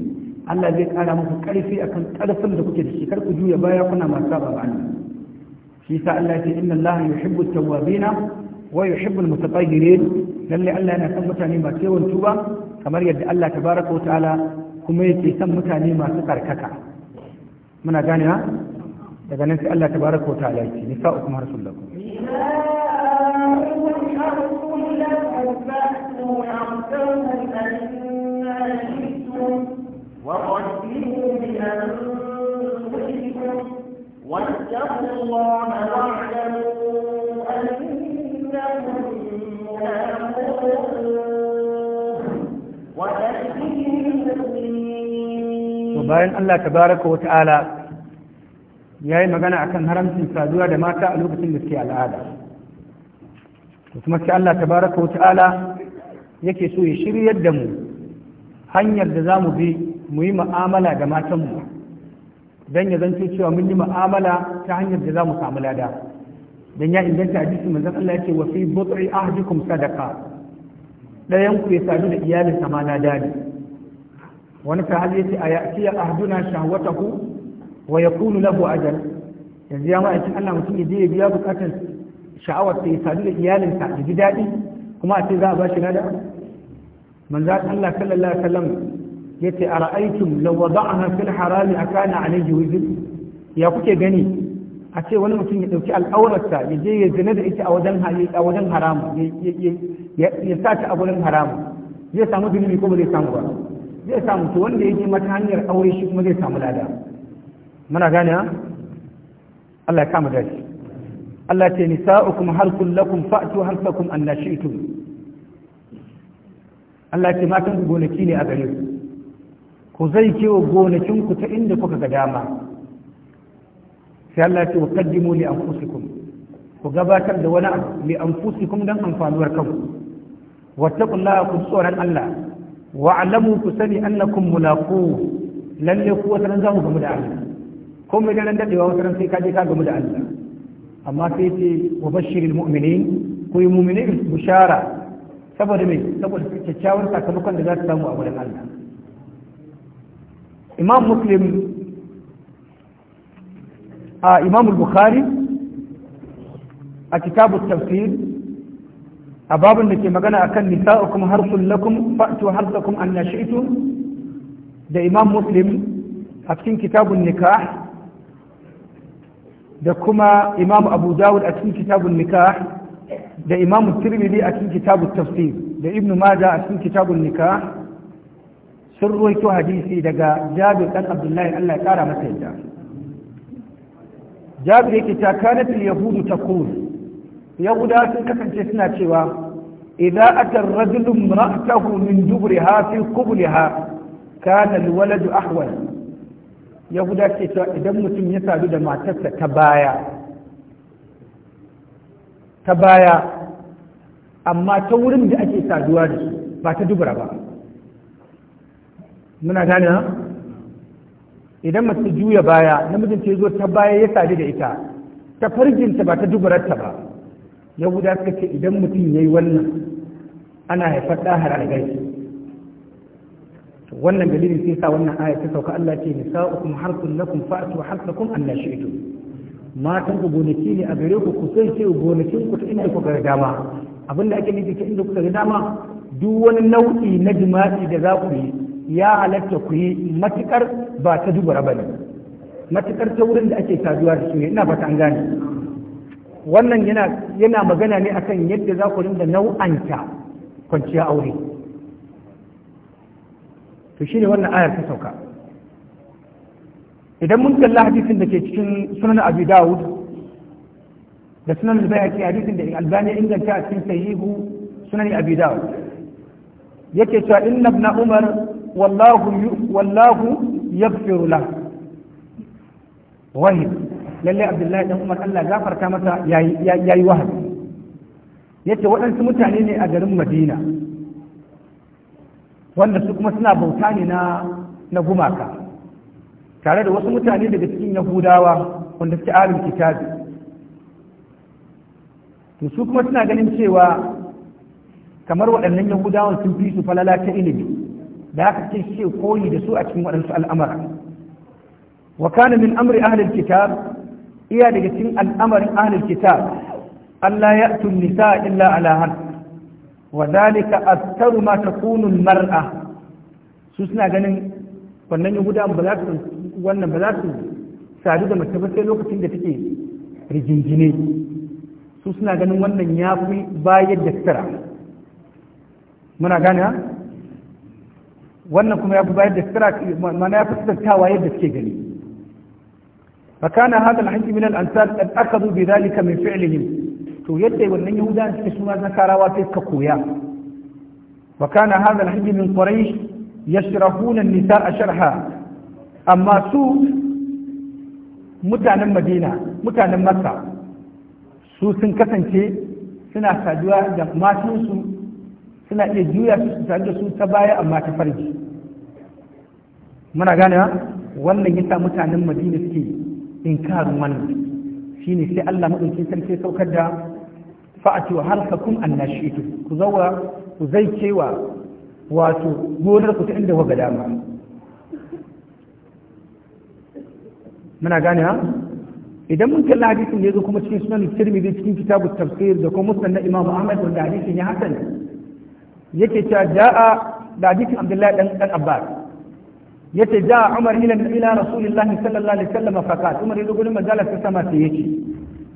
Allah zai kara muku karfi akan karfin da kuke da shi karku juya baya kuna masu ba ba shi sa Allah ya ce inna Allah yuhibbu tawwabina wa yuhibbul mutatahhirin lalle Allah yana son mutane masu yawan tuba kamar yadda Allah tabaraka ta'ala kuma yake son mutane masu tsarkaka muna gane ha daga nan sai Allah tabaraka wa ta'ala yake nisa'ukum harsulakum وقدموا واتقوا الله واعلموا to bayan Allah baraka wa ta'ala ya yi magana a kan haramcin saduwa da mata a lokacin da suke al'ada to kuma sai Allah tabaraka wa ta'ala yake so ya shiryar da mu hanyar da za mu bi mu yi mu'amala da matanmu don ya zance cewa mun yi mu'amala ta hanyar da za mu samu lada don ya inganta a hadisi mazan Allah yake wa fi hajji ahdikum sadaka ɗayan ku ya sadu da iyalin sa ma lada ne wani sahabi yace a ya'tiya ahduna shahwatahu wa yakunu lahu ajal yanzu ya ma'aikin Allah mutum ya je ya biya bukatar sha'awar ta ya sadu da iyalinsa ya ji daɗi kuma a ce za a ba shi lada manzo Allah sallallahu alaihi wasallam yace ara'aytum law wada'na fil harami akana alayhi wizr ya kuke gani a ce wani mutum ya ɗauki al'aurarsa ya je ya zina da ita a wajen a wajen haramu ya sa ta a wajen haramu zai samu zunubi ko bai samu ba zai samu to wanda ya mata hanyar aure shi kuma zai samu lada muna gane Allah ya kama dace Allah ce nisa'ukum harkun lakum fa'tu an annashitum Allah ce matan ku gonaki ne a gare ku ku zai kewa gonakin ku ta inda kuka ga dama sai Allah ce wa qaddimu li anfusikum ku gabatar da wani li anfusikum dan amfanuwar kanku wattaqullaha ku tsoron Allah wa'lamu ku sani annakum mulaqu lalle ku wata ran za gamu da Allah ko mai ran dadewa wata ran sai ka je ka gamu da Allah amma sai ce wa bashiril mu'minin ku yi mu'minin bushara saboda mai saboda kyakkyawar sakamakon da za ta samu a wurin Allah imam muslim a imam bukhari a kitabu tafsir a babin da ke magana a akan nisa'ukum harsul lakum fa'tu harsakum an nashi'tum da imam muslim a cikin kitabun nikah da kuma imam abu dawud a cikin kitabun nikah da imam tirmidhi a cikin kitabun tafsir da ibnu maja a cikin kitabun nikah sun ruwaito hadisi daga jabir dan abdullahi Allah ya kara masa yadda jabir yake ta kanat yahudu taqul yahuda sun kasance suna cewa idan aka rajulun ra'atahu min dubriha fi ha kana alwaladu ahwal yahuda ce cewa idan mutum ya sadu da matarsa ta baya ta baya amma ta wurin da ake saduwa da ba ta dubura ba muna gane idan mace juya baya namijin ce zo ta baya ya sadu da ita ta farjinta ba ta duburarta ba yahuda suka ce idan mutum ya yi wannan ana haifar da harargai wannan dalilin sai sa wannan aya ta sauka Allah ce nisa'ukum harsun lakum fa'tu harsakum an nashi'tu matan ku gonaki ne a gare ku kusan ce gonakin ku ta inda ku ga dama abin ake nufi ta inda ku ga dama duk wani nau'i na jima'i da za ku yi ya halatta ku yi matukar ba ta dubara ba ne matukar ta wurin da ake saduwa da su ina ba ta an gane wannan yana magana ne akan yadda za ku rinda nau'anta kwanciya aure to shine wannan ayar ta sauka idan mun kalla hadisin da ke cikin sunan abi dawud da sunan albayaki hadisin da albani inganta a cikin sahihu sunan abi dawud yake cewa inna ibn umar wallahu wallahu yaghfiru lahu wahid Lallai abdullahi dan umar Allah gafarta masa yi wahabi yace waɗansu mutane ne a garin madina wanda su kuma suna bauta ne na gumaka tare da wasu mutane daga cikin yahudawa wanda suke alin kitabi to su kuma suna ganin cewa kamar waɗannan yahudawan sun fi su falala ta ilimi da haka ce ce koyi da su a cikin waɗansu al'amara wa kana min amri ahlil kitab iya daga cikin al'amarin ahlul kitab Allah ya tun illa ala har wa zalika astaru ma takunu mar'a su suna ganin wannan yahuda ba za su wannan ba za su sadu da mace sai lokacin da take rigingine su suna ganin wannan ya fi bayar da sutura muna gane wannan kuma ya fi bayar da sutura mana ya fi sutartawa yadda suke gani فكان هذا الحج من الأنصار قد أخذوا بذلك من فعلهم to yadda wannan yahudan suke suna zakarawa sai ka koya wa kana hadha al-hajj min quraish yashrahuna an-nisaa sharha amma su mutanen madina mutanen makka su sun kasance suna saduwa da matansu suna iya juya su sadu da su ta baya amma ta farji muna gane wannan yasa mutanen madina suke inkarin wannan shine sai Allah madaukin sarki saukar da fa'ati wa kun annashitu ku zawa ku zai cewa wato gonar ku ta inda ku dama muna gane ha idan mun kalla hadisin ya zo kuma cikin sunan tirmidhi cikin kitabu tafsir da kuma musnad na imam ahmad wanda hadisin ya hasan yake cewa da'a da hadisin abdullahi dan dan abbas yace ja Umar ila ila rasulillah sallallahu alaihi wasallam fa qala Umar ya gurin manzala ta sama sai yace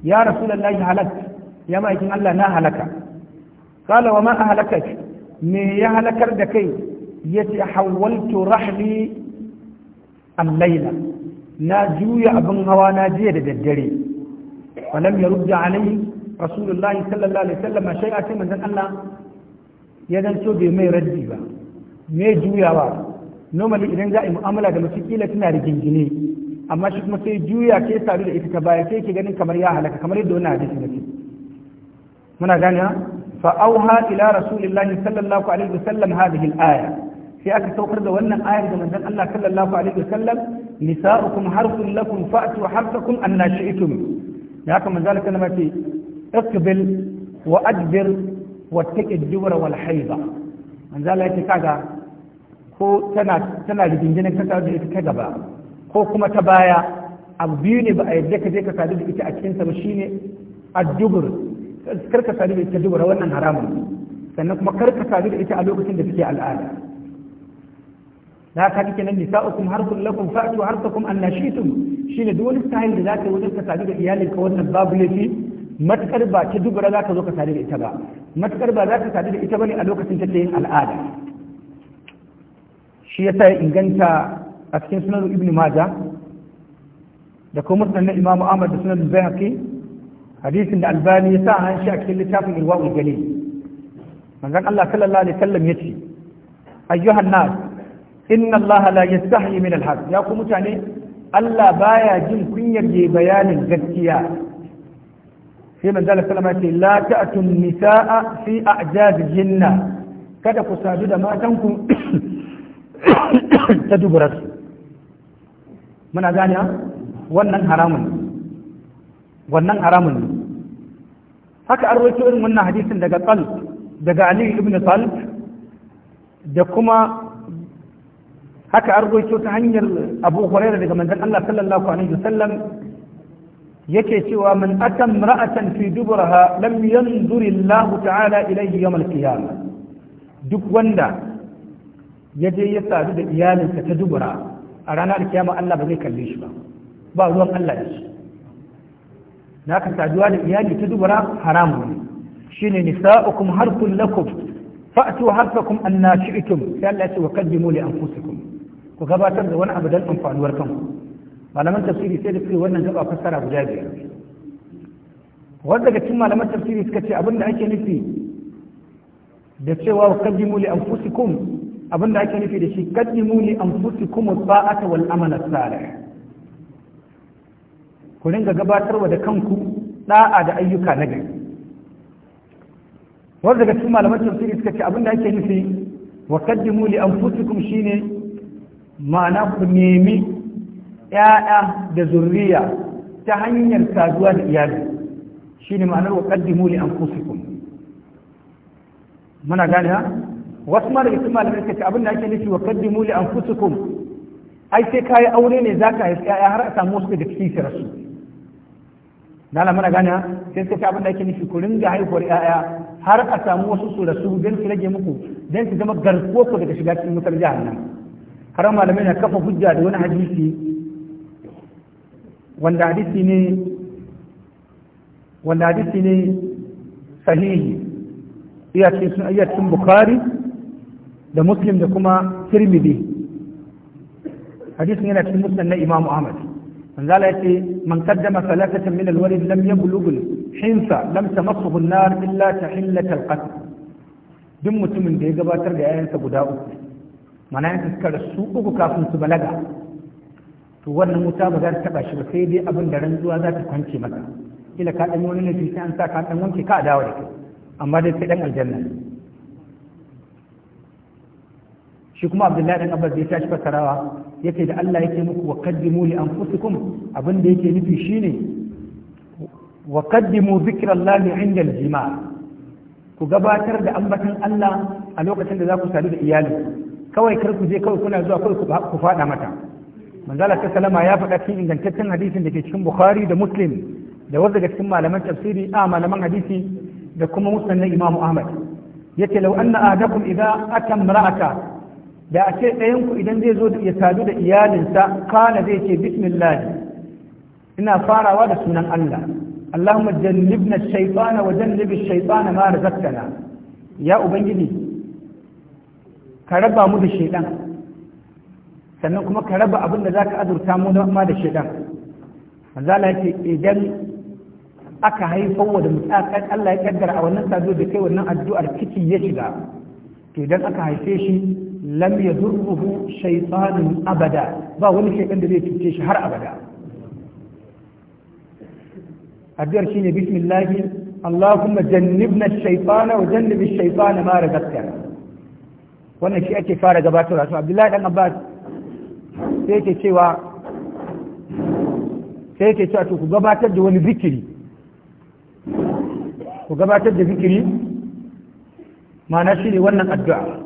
ya Rasulullah halak ya ma maikin Allah na halaka qala wa ma ahlakak me ya halakar da kai yace hawaltu rahli al-laila na juya abin hawa na jiya da daddare falam ya rubda alai rasulullahi sallallahu alaihi wasallam shay'a sai manzon Allah ya dan so bai mai raddi ba me juyawa normally idan za a yi mu'amala da mutum kila tana rigingine amma shi kuma sai juya ke sadu da ita ta baya sai ke ganin kamar ya halaka kamar yadda wannan hadisi ne muna gani gane fa auha ila rasulillahi sallallahu alaihi wasallam hadhihi al-aya sai aka saukar da wannan ayar da manzon Allah sallallahu alaihi wasallam nisa'ukum harfun lakum fa'tu harfakum anna shi'tum ya haka manzon Allah sallama ce iqbil wa adbir wa taqid dubra wal hayda manzon Allah ya ce kaga ko tana tana riginginin ka sadu da ita ta gaba ko kuma ta baya abu biyu ne ba a yadda ka je ka sadu da ita a cikin sa ba shine addubur kar ka sadu da ita dubura wannan haramun sannan kuma kar ka sadu da ita a lokacin da suke al'ada da haka kike nan nisa'ukum harkun lakum fa'tu harkakum annashitum shine duk wani style da zaka wajen ka sadu da iyalin ka wannan babu laifi matakar ba ta dubura zaka zo ka sadu da ita ba matakar ba za ka sadu da ita bane a lokacin da ta yin al'ada shi ya sa ya inganta a cikin sunan ibn maja da kuma sunan imamu ahmad da sunan haƙi hadisin da albani ya sa an shi a cikin littafin ilwa galil manzon Allah sallallahu alaihi wasallam ce. ayyuhan nas inna Allah la yastahi min al ya ku mutane Allah baya jin kunyar je bayanin gaskiya sai manzo Allah ya ce la ta'tun nisaa fi a'jaz jinna kada ku sadu da matan ku (coughs) ta duburarsu muna gani wannan haramun wannan haramun haka an roƙi irin wannan hadisin daga tsal daga Aliyu ibn tsal da kuma haka an roƙi ta hanyar abu hurairah daga manzan Allah sallallahu alaihi wasallam yake cewa man atam ra'atan fi duburaha lam yanzuri Allah ta'ala ilayhi yawm al-qiyamah duk wanda ya je ya sadu da iyalinsa ta dubura a ranar kiyama Allah ba zai kalle shi ba ba ruwan Allah da shi na ka saduwa da iyali ta dubura haramun ne shine nisa'ukum harfun lakum fa'tu harfakum anna shi'tum sai Allah ya ce wa qaddimu li anfusikum ku gabatar da wani abu dan amfanuwar kanku malaman tafsiri sai da suke wannan gaba fassara guda biyar wanda daga cikin malaman tafsiri suka ce abinda ake nufi da cewa wa qaddimu li anfusikum abin da ake nufi da shi an li kuma sa'ata wal amal salih ku ringa gabatarwa da kanku da'a da ayyuka na gari wanda daga cikin malaman tafsiri suka ce abin da ake nufi wa an li kuma shine ma'ana ku nemi ya'ya da zurriya ta hanyar saduwa da iyali shine ma'anar wa an li kuma muna gane ha wasu mara isu malamai ce abin da ake nufi wa kaddimu li anfusikum ai sai kayi aure ne za ka haifi yaya har a samu wasu daga cikin su rasu na gane sai sai suka ce abin da ake nufi ku ringa haihuwar yaya har a samu wasu su rasu don su rage muku don su zama garkuwa ku daga shiga cikin wutar nan. har malamai na kafa hujja da wani hadisi wanda hadisi ne wanda hadisi ne sahihi iya cikin bukari da muslim da kuma tirmidhi hadisin yana cikin musnad na imamu ahmad manzala yace man qaddama salatatan min alwarid lam yablugh hinsa lam tamassuhu an-nar illa tahillat al-qatl duk mutumin da ya gabatar da yayansa guda uku mana yanka suka rasu uku kafin su balaga to wannan wuta ba za ta taba shi ba sai dai abin da rantsuwa za ta kwance maka kila ka dan wani ne sai an sa ka dan wanke ka dawo da kai amma dai sai dan aljanna shi kuma abdullahi dan abbas ya tashi fasarawa yace da Allah yake muku wa qaddimu li anfusikum abin da yake nufi shine wa qaddimu zikirallahi inda aljima ku gabatar da ambatan Allah a lokacin da za ku sadu da iyali kawai kar ku je kawai kuna zuwa kawai ku fada mata manzala ta salama ya faɗa cikin ingantaccen hadisin da ke cikin bukhari da muslim da wasu daga cikin malaman tafsiri a malaman hadisi da kuma musnad na imamu ahmad yace law anna ahadakum idza atamra'ata da a ce ɗayan ku idan zai zo ya sadu da iyalinsa kana zai ce bismillah ina farawa da sunan Allah Allahumma jannibna shaytana wa jannibish shaytana ma razaqtana ya ubangiji ka raba mu da shaytan sannan kuma ka raba abin da zaka azurta mu ma da shaytan manzo yake idan aka haifar wa da mutakan Allah ya kaddara a wannan sadu da kai wannan addu'ar ciki ya shiga to idan aka haife shi lam yadurruhu shaytanun abada ba wani shaytan da zai cuce shi har abada addu'ar shine bismillah Allahumma jannibna ash-shaytana wa jannib ash-shaytana ma razaqtana wannan shi ake fara gabatarwa to Abdullahi dan Abbas sai yake cewa sai yake cewa to ku gabatar da wani zikiri ku gabatar da zikiri ma'ana shine wannan addu'a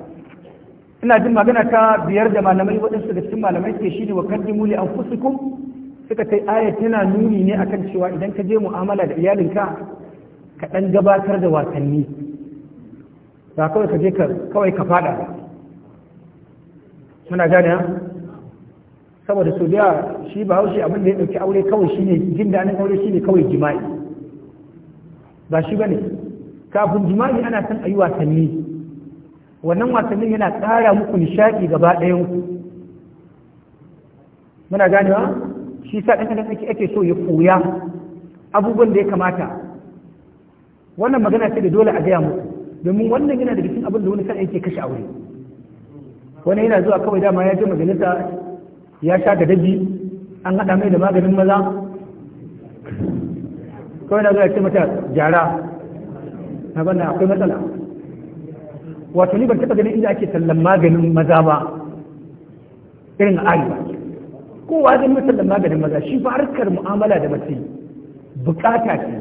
ina jin magana ta biyar da malamai waɗansu da cikin malamai ke shine wa jimuli an anfusikum suka kai ayat tana nuni ne akan cewa idan ka je mu'amala da iyalinka ka ɗan gabatar da wasanni ba kawai ka je kawai ka fada muna gane saboda su biya shi ba haushi abin da ya ɗauki aure kawai shine jin daɗin aure shine kawai jima'i ba shi ba ne kafin jima'i ana son a yi wasanni wannan wasannin yana ƙara muku nishaɗi gaba ɗayan ku muna ganewa shi sa ɗan adam ake so ya koya abubuwan da ya kamata wannan magana ce da dole a gaya muku domin wannan yana da cikin abin da wani sa'a yake kashe aure wani yana zuwa kawai dama ya je majalisa ya sha da daji an haɗa mai da maganin maza kawai na zuwa ce mata jara na bana akwai matsala wato ni ban taɓa ganin inda ake sallan maganin maza ba irin ba. kowa zai mai sallan maganin maza shi ba harkar mu'amala da mace bukata ce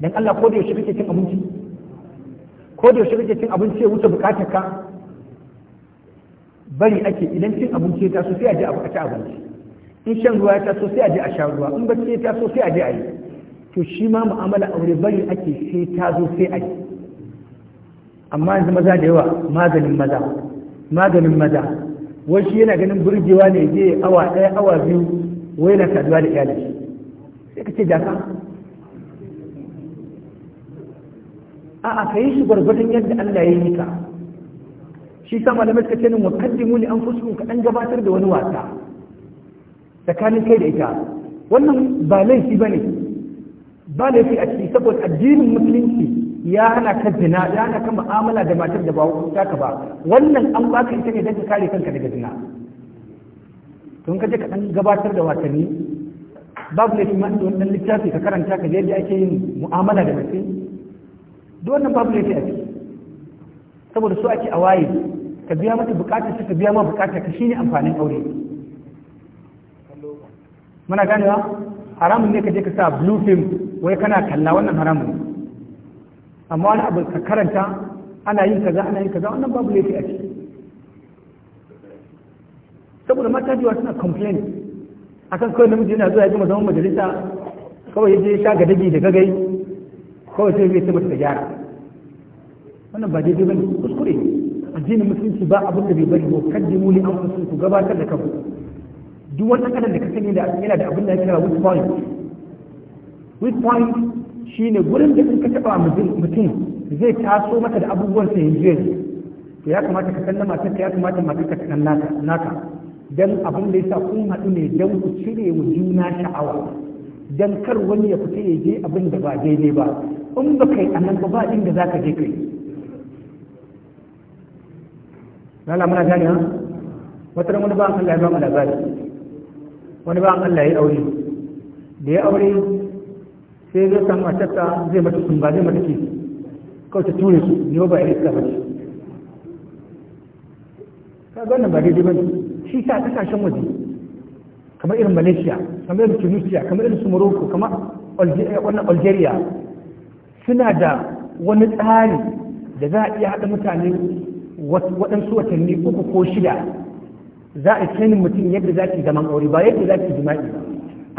dan Allah ko da yaushe kake cin abinci ko da yaushe kake cin abinci ya wuce bukatar ka bari ake idan cin abinci ya taso sai a je a ci abinci in shan ruwa ya taso sai a je a sha ruwa in bacci ya taso sai a je a yi to shi ma mu'amala aure bari ake sai ta zo sai a yi amma yanzu maza da yawa maganin maza maganin maza wasu yana ganin burgewa ne je awa ɗaya awa biyu wai na saduwa da iyalin sai ka ce jaka a a ka shi gwargwadon yadda Allah ya yi ka shi sa malamai suka ce nan wa kaddimu an anfusikum ka dan gabatar da wani wasa tsakanin kai da ita wannan ba laifi bane ba laifi a ciki saboda addinin musulunci ya hana ka zina ya hana ka mu'amala da matar da ba ka ba wannan an baka ita ne don ka kare kanka daga zina don ka je ka dan gabatar da wasanni babu ne kuma don dan littafi ka karanta ka je da ake yin mu'amala da mace duk wannan babu ne a ciki saboda su ake a waye ka biya mata bukatar ka biya ma bukatar ka shine amfanin aure muna ganewa haramun ne ka je ka sa blue film wai kana kalla wannan haramun ne amma wani abu ka karanta ana yin kaza ana yin kaza wannan babu laifi a ciki saboda mata jiwa suna complain akan kawai namiji yana zuwa ya gama zaman majalisa kawai yaje sha sha dagi da gagai kawai sai zai tabbata ta gyara wannan ba daidai bane kuskure addinin musulunci ba abin da bai bari ba kaddimu an anfusikum ku gabatar da kanku duk wani kadan da ka sani da yana da abin da ya kira wit point weak point ne gurin da in ka taba mutum zai taso mata da abubuwan sa yanzu yanzu to ya kamata ka kalla matar ka ya kamata matar ka kan naka naka dan abin da yasa kun haɗu ne dan ku cire wa juna sha'awa dan kar wani ya fita ya je abin da ba daidai ba in ba kai anan ba ba inda zaka je kai lala muna gani ha wata ran wani ba Allah ya ba mu labari wani ba Allah ya aure da ya aure sai zai samu a matarsa zai mata sun ba zai mata ke kawai ta ture su ne ba irin iska ba ce ka ga wannan ba daidai ba shi sa kasashen waje kamar irin malaysia kamar irin tunisia kamar irin su morocco kamar eh, wannan algeria suna da wani tsari da za a iya haɗa mutane waɗansu watanni uku ko shida za a training mutum yadda za ki zaman aure ba yadda za ki jima'i ba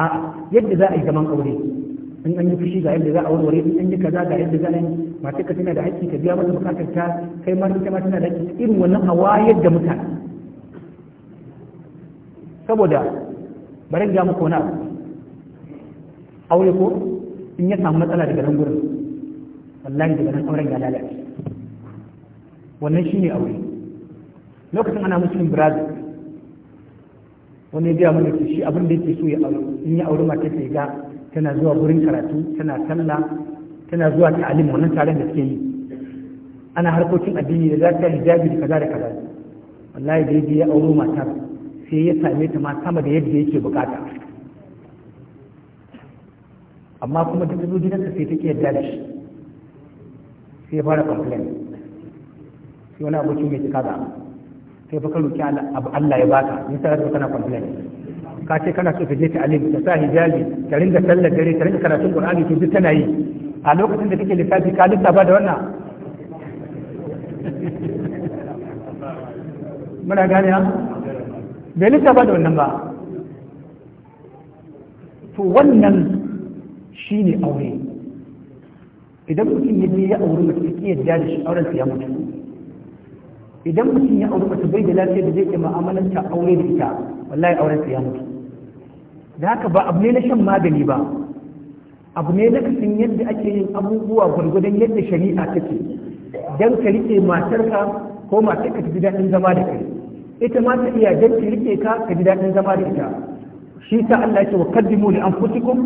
a yadda za a yi zaman aure in an yi fushi ga yadda za a warware in an yi kaza ga yadda za a yi matar ka tana da haƙƙi ta biya mata bukatar ta kai ma ita ma tana da haƙƙi irin wannan a wayar da mutane saboda bari ga muku na abu aure ko in ya samu matsala daga nan gurin wallahi daga nan auren ya lalace wannan shine aure lokacin ana musulun brazil wani ya biya mana shi abin da yake so ya aure in ya aure mata ta ga tana zuwa gurin karatu tana sallah tana zuwa ta'alim wannan taron da suke yi ana harkokin addini da za ta hijabi da kaza da kaza wallahi da yaje ya auro mata sai ya same ta ma sama da yadda yake bukata amma kuma ta zo gidansa sai take yadda da shi sai ya fara complain sai wani abokin mai cika da sai fa ka roki Allah ya baka sai ka kana complain ka ce kana so ka je ta alim ta sa hijabi ta ringa sallar dare ta ringa karatun qur'ani to duk tana yi a lokacin da kake lissafi ka lissafa da wannan (laughs) muna gane bai lissafa da wannan ba to wannan shine aure idan mutum ya je ya auri mace ki kiyar da shi auren ya mutu idan mutum ya auri mace bai da lafiya da zai ke mu'amalanta aure da ita wallahi auren ya mutu da haka ba abu ne na shan magani ba abu ne na kasin yadda ake yin abubuwa gwargwadon yadda shari'a take don ka rike matarka ko matar ka ji daɗin zama da kai ita ma ta iya don ka rike ka ka ji daɗin zama da ita shi ta Allah ce wa kaddimu li anfusikum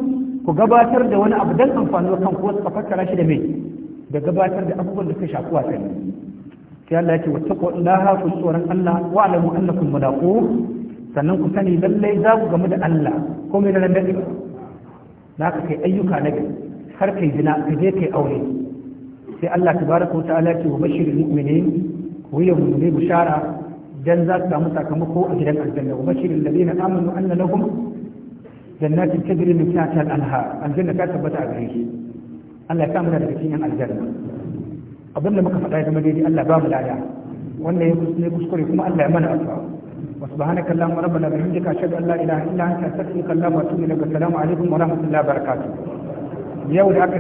ku gabatar da wani abu don amfani wa kanku wasu fassara shi da mai da gabatar da abubuwan da ka shafi wasanni sai Allah ya ce wa taqwa Allah suran Allah wa alamu annakum sannan ku sani lallai za ku gamu da Allah ko mai nan dade ba za ka kai ayyuka na gari har kai zina ka je kai aure sai Allah tabaraka wa ta'ala ce wa bashirul mu'minin ku yi mu'mini bushara dan za su samu sakamako a gidan aljanna wa bashirul ladina amanu anna lahum jannatin tajri min tahtiha al-anhar aljanna ta tabbata a gare shi Allah ya kama da daga 'yan aljanna abinda muka faɗa ya zama daidai Allah ba mu lada wannan ya kuskure kuma Allah ya mana alfawa وسبحانك اللهم ربنا بحمدك أشهد أن لا إله إلا أنت أستغفرك اللهم وأتوب إليك والسلام عليكم ورحمة الله وبركاته يوم